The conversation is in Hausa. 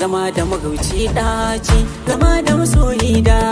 zama da magauci ɗaci zama da masoyi da